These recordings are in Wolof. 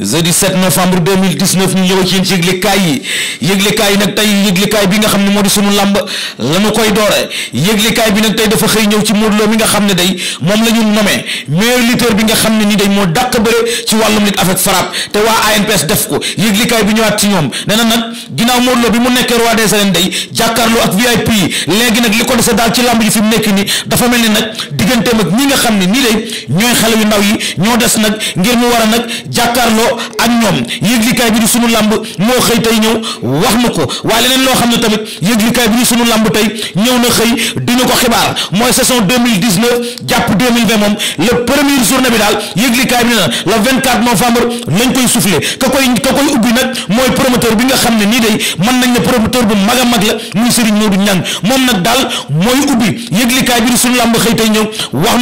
jeudi 7 novembre 2019 ñu ñëw ci yéen ci yëglekaay yi yëglekaay yi nag tey yëglekaay bi nga xam ne moo di sunu làmb la ñu koy doore kaay bi nag tey dafa xëy ñëw ci Modou mi nga xam ne day moom la ñu nommé meilleur bi nga xam ne ni day moo dàq bëre ci wàllum nit avec frappe waa ANPS def ko yëglekaay bi ñëwaat ci ñoom nee na ginnaaw Modou bi mu nekkee roi des arènes day jàkkaarloo ak VIP yi léegi nag li ko dese daal ci làmb ji fi mu nekk nii dafa mel ni nag digganteem ak ñi nga xam ne nii day ñooy xale yu ndaw yi ñoo des nag ngir mu war a nag jàkkaarloo ak ñoom yëglikaay bi di sunu lamb moo xëy tey ñëw wax na ko waaye loo xam ne tamit yëglikaay bi di sunu lamb tey ñëw na xëy dina ko xibaar mooy saison 2019 jàpp 2020 moom le premier journée bi daal yëglikaay bi ne na le 24 novembre bi nga xam ne nii day mën nañ ne promoteur bu mag a mag la muy Serigne Modou Niang moom nag bi di sunu lamb xëy tey na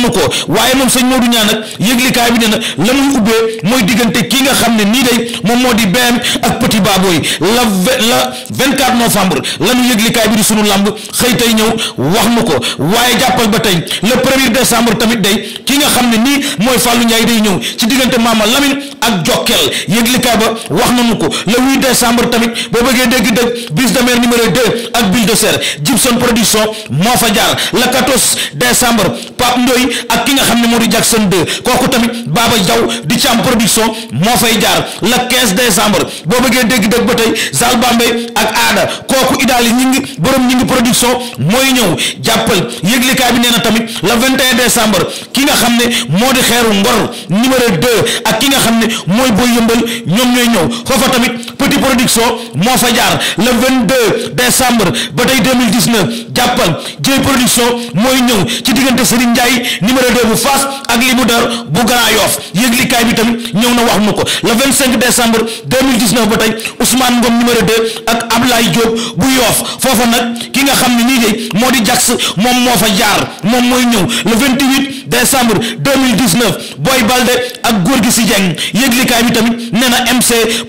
ko waaye moom sëñ Modou Niang nag yëglikaay bi ne na la muy ubbee mooy diggante ki nga xam ne nii day moom moo di BM ak Petit Baboy la la 24 novembre la ñu yëglikaay bi di sunu lamb xëy tey ñëw wax nu ko waaye jàppal ba tey le premier décembre tamit day ki nga xam ne nii mooy Fallou Ndiaye day ñëw ci diggante Mama Lamine ak Jokkel yëglikaay ba wax nañu ko le 8 décembre tamit boo bëggee dégg dëgg bise de mer numéro 2 ak Bill de Serre Gibson production moo fa jaar le 14 décembre Pape Ndoye ak ki nga xam ne moo di Jackson 2 kooku tamit Baba Diaw di Thiam production fay jaar le 15 décembre boo bëggee dégg dëgg ba tey Zal Bambey ak aada kooku idaali ñi ngi borom ñi ngi production mooy ñëw jàppal yëglikaay bi nee na tamit le 21 décembre ki nga xam ne moo di xeeru ngor numéro ak ki nga xam ne mooy booy yëmbal ñoom ñooy ñëw foofa tamit petit production moo fa jaar le 22 décembre ba tey 2019 jàppal jëy production mooy ñëw ci diggante Serigne Ndiaye numéro 2 bu Fass ak li mu dar bu Grand Yoff yëglikaay bi tamit ñëw na wax nu ko le 25 décembre 2019 ba tey Ousmane Ngom numéro 2 ak Ablaye Diop bu Yoff foofa nag ki nga xam ne nii de moo di Jax moom moo fa jaar moom mooy ñëw le 28 décembre 2019 Boy Balde ak góor gi si Dieng yëglikaay bi tamit nee na MC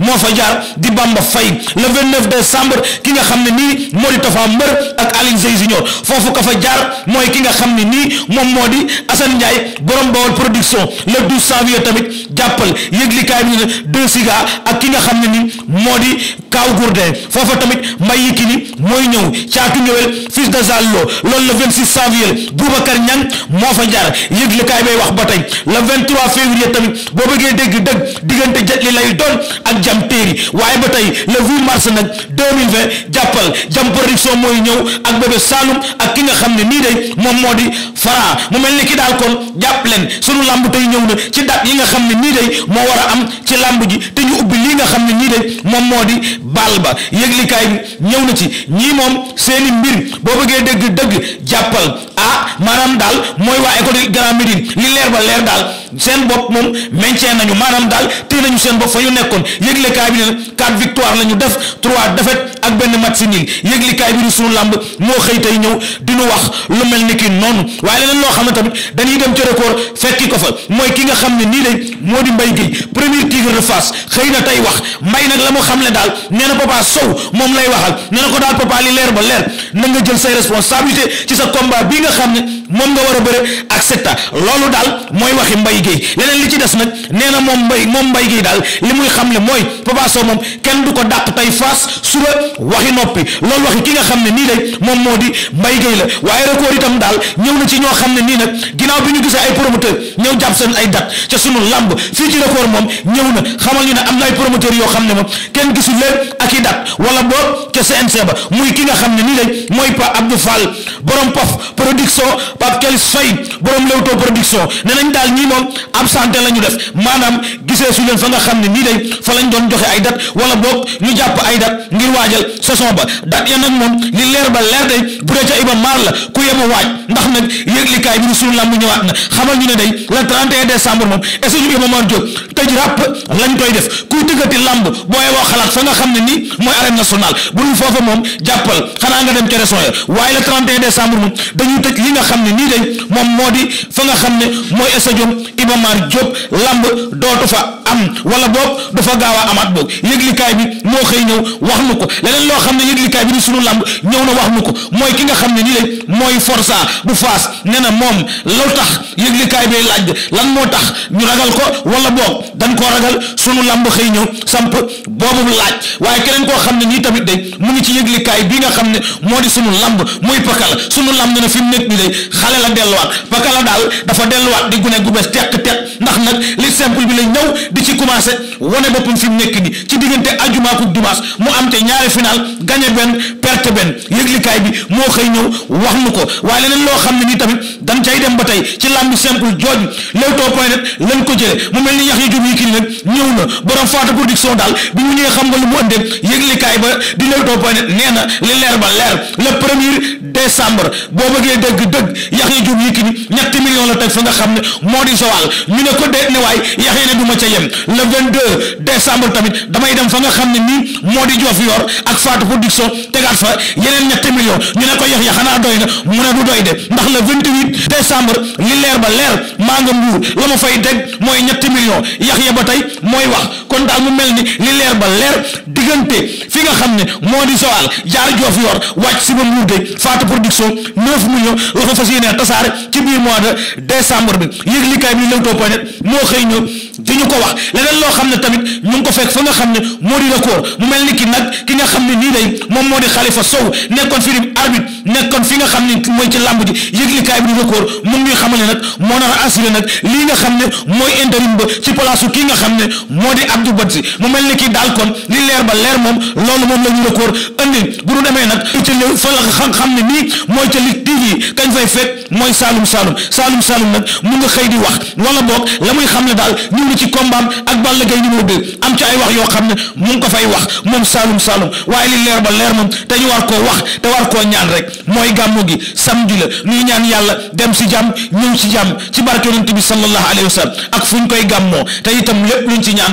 moo fa jaar di Bamba Faye le 29 décembre ki nga xam ne nii moo di Tafa Mbër ak Alioune Seye Junior foofu ka fa jaar mooy ki nga xam ne nii moom moo di Assane Ndiaye borom Bawol production le 12 janvier tamit jàppal yëglikaay bi ne deux siga ak ki nga xam ne ni moo di kaaw gourdin foofa tamit mbay yikini mooy ñëw caatu ñëwel fils de zallo loolu le 26 janvier boubacar ñang moo fa njar yëgle kaay bay wax ba tey le 23 février tamit boo bëggee dégg dëgg diggante jet li lay doon ak jam téeri waaye ba tey le 8 mars nag 2020 jàppal jam production mooy ñëw ak bébé saalum ak ki nga xam ne nii day moom moo di fara mu mel ni ki daal kon jàpp leen sunu lamb tey ñëw na ci dat yi nga xam ne nii day moo war a am ci làmb ji te ñu ubbi lii nga xam ne nii day moom moo di bal ba yëglikaay bi ñëw na ci ñii moom seeni mbir boo bëggee dëgg dëgg jàppal ah maanaam daal mooy waa école Grand Médine li leer ba leer daal seen bopp moom maintien nañu maanaam daal téye nañu seen bopp fa ñu nekkoon yëglikaay bi ne quatre victoire la ñu def trois défaites ak benn match nul yëglikaay bi di sunu làmb moo xëy tey ñëw di nu wax lu mel ni ki noonu waaye leneen loo xam ne tamit dañuy dem ci record fekki ko fa mooy ki nga xam ne nii de moo di Mbaye Guèye premier tigre de Fass na tey wax mbay nag la mu xam ne daal nee na papa sow moom lay waxal nee na ko daal papa li leer ba leer na nga jël say responsabilité ci sa combat bii nga xam ne moom nga war a bëre ak loolu daal mooy waxi mbay Guèye leneen li ci des nag nee na moom Mbaye moom mbay Guèye daal li muy xam ne mooy Papa Sow moom kenn du ko dàq tey faas suba waxi noppi loolu waxi ki nga xam ne nii lay moom moo di Mbaye Guèye la waaye record itam daal ñëw na ci ñoo xam ne nii nag ginnaaw bi ñu gisee ay promoteur ñëw jàpp seen ay date ca sunu lamb fii ci record moom ñëw na xamal ñu ne am na ay promoteur yoo xam ne moom kenn gisul leen ak i date wala boog ca CNC ba muy ki nga xam ne nii lay mooy Pa Abdou Fall borom Pof production Pape Kelis Faye borom Leewtoo production ne nañ daal ñii moom absenté la ñu def maanaam gisee su leen fa nga xam ne nii day fa lañ doon joxe ay date wala boog ñu jàpp ay date ngir waajal saison ba date ya nag moom li leer ba kuy tëggati làmb booye woo xalaat fa nga xam ne nii mooy arène nationale bu dul foofa moom jàppal xanaa nga dem ca ya waaye le 31 décembre moom dañuy tëj li nga xam ne nii day moom moo di bi fa nga xam ne mooy Iba Mar Diop lamb dootu fa am wala boog dafa gaaw a amaat boog yëglikaay bi moo xëy ñëw wax nu ko leneen loo xam ne yëglikaay bi ni suñu làmb ñëw na wax nu ko mooy ki nga xam ne nii lay mooy forsa bu faas nee na moom law tax yëglikaay bi laaj lan moo tax ñu ragal ko wala boog dañ koo ragal sunu lamb xëy ñëw samp boobu laaj waaye keneen koo xam ne nii tamit day mu ngi ci yëglikaay bi nga xam ne moo di suñu lamb mooy pakala sunu suñu làmb na fi mu nekk nii day xale la delluwaat pakala daal dafa delluwaat di gune gu bees teq teq ndax nag li simple bi lay ñëw di ci commencé wane boppam fi mu nekk nii ci diggante ajuma ak dimanche mu am te ñaari final gagné benn perte benn yëglikaay bi moo xëy ñëw wax nu ko waaye leneen loo xam ne nii tamit dañ cay dem ba tey ci làmb simple jooju Leewtoo point net lañ ko jëlee mu mel ni yax yi jub yi kii nag ñëw na borom faata production daal bi mu ñëwee xam nga lu mu ëndee yëglikaay ba di Leewtoo point net nee na li leer ba leer le premier décembre boo bëggee dëgg dëgg yax yi jub yi kii ñetti millions la teg fa nga xam ne moo di sowal ñu ne ko déet waay yax ma ca yem leen le 22 décembre tamit damay dem fa nga xam ne nii moo di joof yor ak Fatou production tegaat fa yeneen ñetti millions ñu ne ko yax ya xanaa doy na mu ne du doy de ndax le 28 décembre li leer ba leer maa nga mbuur la ma fay teg mooy ñetti millions yax ya ba tey mooy wax kon daal mu mel ni li leer ba leer diggante fi nga xam ne moo di sowaal jaar joof yor wàcc si ba mbuur de Fatou production 9 millions la fa fas yéene tasaare ci biir mois de décembre bi yëg likaay bi Leewtoo point moo xëy ñëw di ñu leneen loo xam ne tamit ñu ngi ko fekk fa nga xam ne moo di record mu mel ni ki nag ki nga xam ne nii day moom moo di Khalifa Sow nekkoon fi di arbitre nekkoon fi nga xam ne mooy ci làmb ji yëglikaay bi di record mu ngi xamal ne nag moo a assuré nag lii nga xam ne mooy intérim ba ci place kii nga xam ne moo di Abdou Badji mu mel ni kii daal kon ni leer ba leer moom loolu moom la ñu record andi bu ñu demee nag ci li fa la xam ne nii mooy ca Lutte TV kañ fay fekk mooy Saloum saalum saalum Saloum nag mu nga xëy di wax wala boog la muy xam ne daal ñu ngi ci combat ak Balla Gaye numéro xam ne mu ngi ko fay wax moom Saloum Saloum waaye li leer ba leer moom te ñu war koo wax te war koo ñaan rek mooy gàmmu gi samedi ñaan yàlla dem si jàmm ñëw si jàmm ci barke yonent bi sallallahu alayhi wa sallam ak fu ñu koy gàmmoo te itam lépp luñ ci ñaan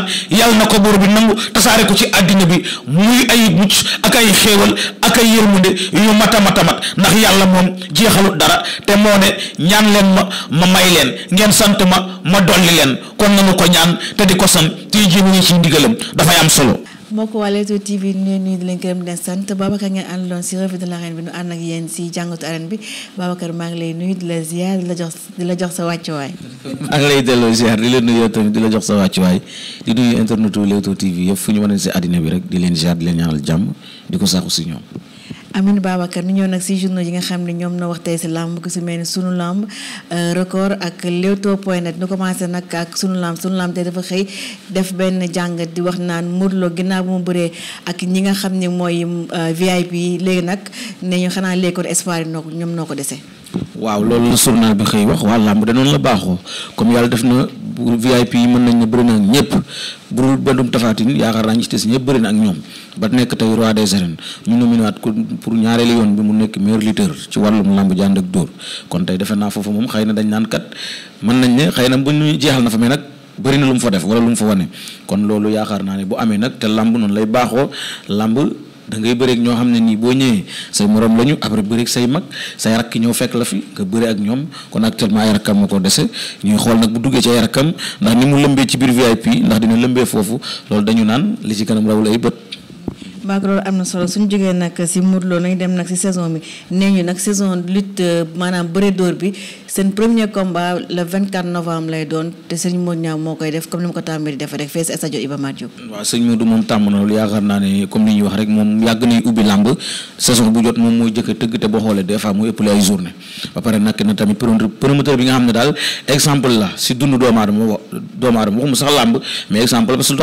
na ko buur bi nangu tasaare ko ci àddina bi muy ay mucc ak ay xéewal ak ay yërmunde yu mata mata mat ndax yàlla moom jeexalut dara te moo ne ñaan leen ma ma may leen ngeen sant ma ma dolli leen kon nanu ko ñaan te yëkkati ko sam tey jii ñu ci ndigalam dafay am solo. mbokk waa Leewtoo TV ñu nuyu di leen gërëm di leen sant Babacar ngeen àndaloon si revue de l'arène bi ñu ànd ak yéen si jàngatu arène bi Babacar maa ngi lay nuyu di la ziar di la jox di la jox sa wàccuwaay. maa ngi delloo ziar di leen nuyu tamit di la jox sa wàccuwaay di nuyu internetu Leewtoo TV yëpp fu ñu mën si àddina bi rek di leen ziar di leen ñaanal jàmm di ko saxu si ñoom. Amine Babacar ñu ñëw nag si journaux yi nga xam ne ñoom na wax tey si làmb ku si mel ni sunu làmb euh, record ak Leewtoo point net ñu commencé nag ak sunu làmb sunu làmb tey dafa xëy def benn jàngat di wax naan Modou Lo ginnaaw bu mu bëree ak ñi nga xam ne mooy euh, VIP yi léegi nag ne ñu xanaa léegi kon espoir yi noo ko ñoom noo ko dese. waaw loolu la journal bi xëy wax waa làmb danoonu la baaxoo comme yàlla def na. VIP yi mën nañ ne bëri na ak ñëpp bu dul bandum tafaatin yaakaar naa ñi ci des ñëpp bëri ak ñoom ba nekk tey roi des arènes ñu nominé waat ko pour ñaareelu yoon bi mu nekk meilleur lutteur ci wàllum làmb jànd ak kon tey defe naa foofu moom xay na dañ naan kat mën nañ ne xëy na bu ñu jeexal na fa mais nag bëri na lu mu fa def wala lu mu fa wane kon loolu yaakaar naa ne bu amee nag te làmb noonu lay baaxoo làmb dangay bëreek ñoo xam ne nii boo ñëwee say morom lañu après bëreeg say mag say rakk ñëw fekk la fi nga bëre ak ñoom kon actuellement ay rakkam ma ko dese ñuy xool nag bu duggee ci ay rakkam ndax ni mu lëmbee ci biir VIP ndax dina lëmbee foofu loolu dañu naan li ci kanam rawul ay bët. maag loolu am na solo suñu jógee nag si Modou Lo nañ dem nag si saison bi nee ñu nag saison lutte maanaam bëre dóor bi. seen premier combat le 24 novembre lay doon te sëñ Modou Niang moo koy def comme ni mu ko tàmbali tàmm na loolu yaakaar naa ne comme ni ñuy wax rek moom yàgg nañ ubbi làmb saison bu jot moom mooy jëkk a tëgg te boo xoolee des fois mu ëppale ay journée ba pare nag na tamit promoteur bi nga xam ne daal exemple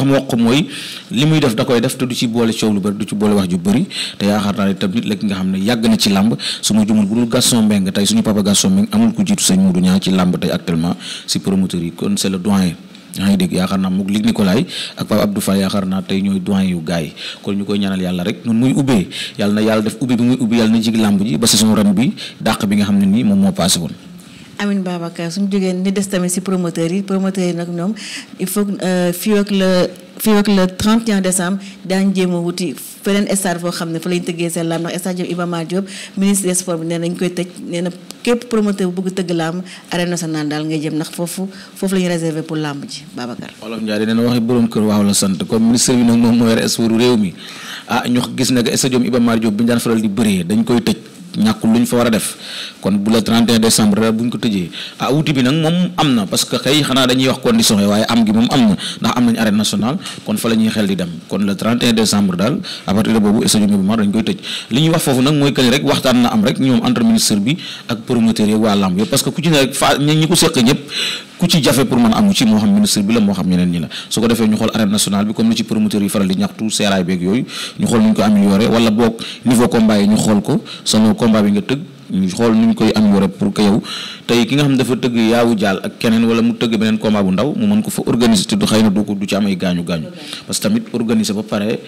wax mooy li muy def da koy def te du ci boole coow lu bëri du ci boole wax ju bëri te yaakaar naa ne tamit léegi nga xam ne yàgg na ci làmb sëñ Modou Niang ci làmb tey actuellement si promoteur yi kon c'est le yaa ngi dégg yaakaar naa moom Luc Nicolaï ak Pape Abdou Fall yaakaar naa tey ñooy doyen yu gars yi kon ñu koy ñaanal yàlla rek noonu muy ubbee yàlla na yàlla def ubbi bi muy ubbi yàlla na jig làmb ji ba saison ren bi dàq bi nga xam ne nii moom moo passé woon Amin Babacar suñu jógee ni des tamit ci promoteurs yi promoteurs yi nag ñoom il faut euh, fii ak le fii ak le 31 a wuti feneen stade foo xam ne fa lañ tëggee seen laam ndax stade bi nee koy tëj nee képp promoteur bu bëgg tëgg laam arène nationale daal ngay jëm ndax foofu foofu la ñu réservé pour làmb ji Babacar. Wolof waxi borom kër waaw la sant comme ministre bi nag moom moo yore sport réew mi ah ñu gis nag stade Iba Mar ñàkkul lu ñu fa war a def kon bu le 31 décembre daal bu ko tëjee ah wuti bi nag moom am na parce xanaa dañuy wax condition yi waaye am gi moom am na ndax am nañu arène nationale kon fa la ñuy xel di dem kon le 31 décembre daal à partir de boobu stade bi dañ koy tëj li ñuy wax foofu nag mooy que ni rek waxtaan na am rek ñoom entre ministre bi ak promoteur waa lamb yëpp parce ku ci ne rek ñi ko seq ñëpp ku ci jafe pour mën a amu ci moo xam ministre bi la moo xam ñeneen ñi la su ko defee ñu xool arène bi comme ni ci promoteurs yi faral di ñaxtu seeraay beeg yooyu ñu xool nu ñu ko amélioré boog niveau combat yi ñu xool ko sano combat bi nga tëgg xool nuñ koy amélioré pour que tey ki nga xam dafa tëgg yaawu jaal ak keneen wala mu tëgg beneen combat bu ndaw mu mën ko fa organiser te du xëy na du ko du ci am ay gaañu gaañu parce que tamit organiser ba pare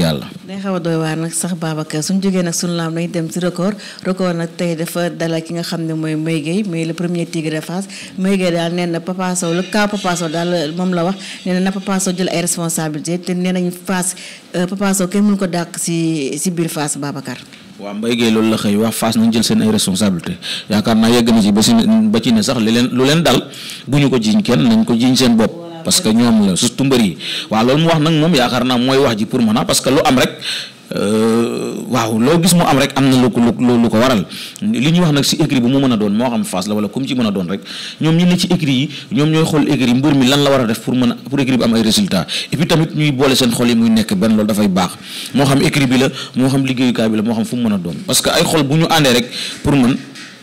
yàlla. day xaw a doy waar nag sax Babacar suñ jógee nag suñu laam nañ dem si record record nag tey dafa dalal ki nga xam ne mooy Mbaye Guèye mais le premier tigre de Fass Mbaye daal nee na Papa Sow le cas Papa Sow daal moom la wax nee na Papa Sow jël ay responsabilités te nee nañu Fass Euh, Papa Sow kenn mënu ko dàq si si biir Fass Babacar. waaw Mbaye Guèye loolu la xëy wax Fass nañ jël seen ay responsabilité yaakaar naa yegg na ci ba si ba ci ne sax li leen lu leen dal bu ñu ko jiiñ kenn nañ ko jiiñ seen bopp. parce que ñoom la surtout mbër yi waaw loolu mu wax nag moom yaakaar naa mooy wax ji pour mën a ah, parce que lu am rek. Euh, waaw loo gis mu am rek am na lu ko lu ko waral li ñuy wax nag si écrit bu mu mën a doon moo xam Fass la wala comme ci mën a doon rek ñoom ñi ci écrit yi ñoom ñooy xool écrit mbir mi lan la war a def pour mën a pour écrit bi am ay résultat et tamit ñuy boole seen xol yi muy nekk benn loolu dafay baax moo xam écrit bi la moo xam liggéeyukaay bi la moo xam fu mu mën a doon parce ay xol bu ñu àndee rek pour man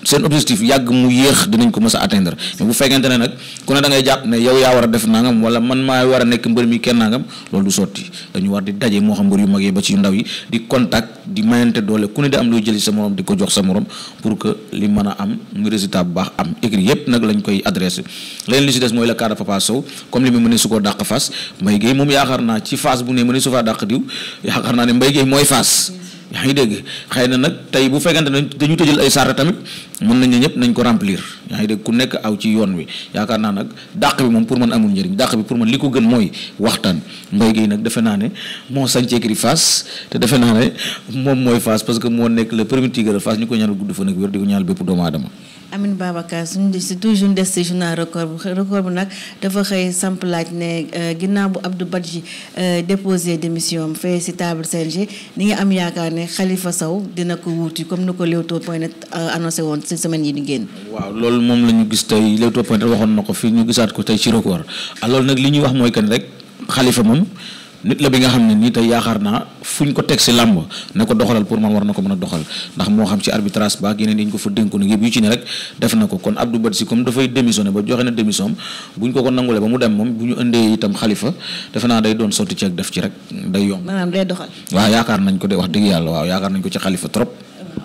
seen objectif yàgg mu yéex dinañ ko mës a atteindre mais bu fekkente ne nag ku ne da jàpp ne yow yaa war a def nangam wala man maa war a nekk mbër mi kenn nangam loolu du sotti dañu war di daje moo xam mbër yu mag yi ba ci yu ndaw yi di contact di mayante doole ku ne di am looy jëli sa morom di ko jox sa moroom pour que li mën a am muy résultat bu baax am écrit yépp nag lañ koy adressé leneen li si des mooy le cas de Papa Sow comme li mu mënee yaakaar naa ci phase bu ne mënee naa ne Mbaye Guèye mooy phase yaa ngi dégg xëy na nag tey bu fekkante ne dañu tëjal ay sart tamit mën nañ ne ñëpp nañ ko remplir yaa ngi dégg ku nekk aw ci yoon wi yaakaar naa nag dàq bi moom pour man amul njëriñ dàq bi pour man li ko gën mooy waxtaan mbay gi nag defe naa ne moo sañc écurie Fass te defe naa ne moom mooy Fass parce que moo nekk le premier tigre Fass ñu ko ñaanal gudd fan ak wér di ko ñaanal bépp doomu aadama Amin Babacar suñu si toujours des si journal record bu record bu nag dafa xëy samp laaj ne euh, ginnaaw bu Abdou Badji euh, déposé démission am fee si table CNG ni nga am yaakaar ne xalifa saw dina ko wuuti comme ni ko Leewtoo point net euh, annoncé woon si semaine yi di génn. waaw loolu moom la ñu gis tey Leewtoo point net waxoon na ko fii ñu gisaat ko tey ci record alors nag li ñuy wax mooy kan rek Khalifa moom. nit la bi nga xam ne nii tey yaakaar naa fu ñu ko teg si làmb ne ko doxalal pour man war na ko mën a doxal ndax moo xam ci arbitrage ba ak yeneen yi ñu ko fa dénkoon yëpp yu ci ne rek def na ko kon Abdou Badji comme dafay démissionné bu ñu ko ko nangulee ba mu dem moom bu ñu indee itam xalifa defe naa day doon sotti ceeg def ci rek day yomb. maanaam day doxal. waaw yaakaar nañ ko de wax dëgg yàlla waaw yaakaar nañ ko ci xalifa trop.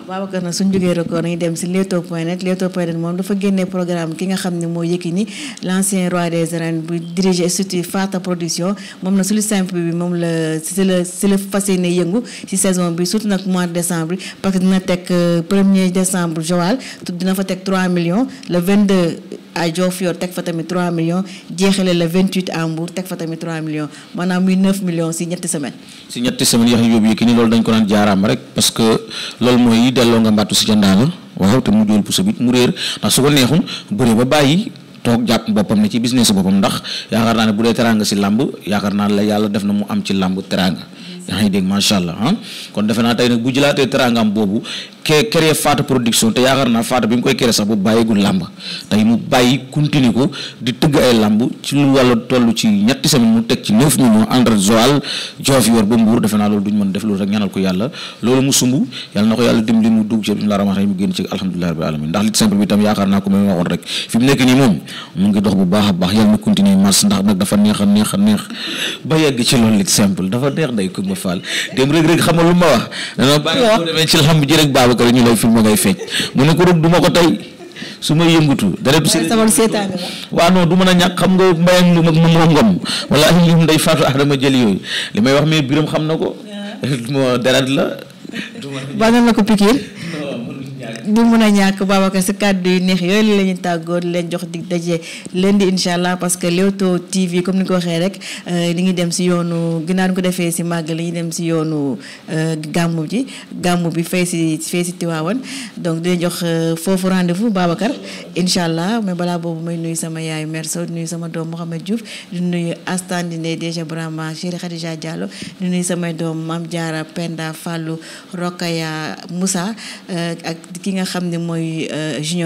Babacar na suñ jógee record nañu dem si Leewtoo point net Leewtoo point net moom dafa génnee programme ki nga xam ne moo Yékini l'ancien roi des arènes bu dirigé institut Fata production moom na sulu simple moom la si la si la fas yëngu si saison bi suut nag mois de décembre parce que dina teg euh, premier décembre Joal dina fa teg 3 millions le 22 à Diofior teg fa tamit 3 millions jeexale le 28 à Mbour teg fa tamit 3 millions maanaam muy 9 millions si ñetti semaines si ñetti semaines yax yóbbu Yékini loolu dañ ko naan delloo nga mbattu si ca ndaama waaw te mu jël puso bi mu réer ndax su ko neexoon ba bàyyi toog jàpp boppam ne ci business boppam ndax yaakaar naa ne bu dee teraanga si làmb yaakaar naa la yàlla def na mu am ci làmb teraanga yaa ngi dégg macha allah ah kon defe naa tey bu jëlaatee teraangaam boobu créé Faata production te yaakaar naa Faata bi mu koy créé sax bu bàyyigul làmb tey mu bàyyi continuer ko di tëgg ay làmb ci lu wàllu toll ci ñetti semaine mu teg ci neuf fi mu nekk nii moom mu ngi dox bu baax a baax yàlla na continuer mars ndax nag dafa neex a neex ba yegg ci loolu dafa neex day ko faal dem rek rek xamal lu ma wax dana bàyyi boo demee ci làmb ji rek baaba que ñu lay filmé ngay feeñ mu ne ko rek du ko tey su may yëngutu daretu seetaan waaw non du man a ñàkk xam nga mbay ak moom ak moom ngom wala ñoom day faatu aadama jël yooyu li may wax mais biram xam na ko deret la banal na ko pikiir du mun a ñàkk Babacar sa kàddu yu neex yooyu la ñu di leen jox di daje leen di incha allah parce que Leewtoo TV comme ni ko waxee rek li euh, ngi dem si yoonu ginnaaw ko defee si màgg li ñu dem si yoonu euh, gàmmu ji gàmmu bi fay si fay si Tiwaawan donc di jox euh, foofu rendez-vous Babacar incha allah mais balaa boobu may nuyu sama yaay mère Sow di nuyu sama doom Mouhamed Diouf di nuyu Astandine Déjà Brahma Chéri Khadija Diallo di nuyu samay doom Mame Diarra Penda Fallou Rokaya Moussa ak ki nga xam ne mooy euh, junior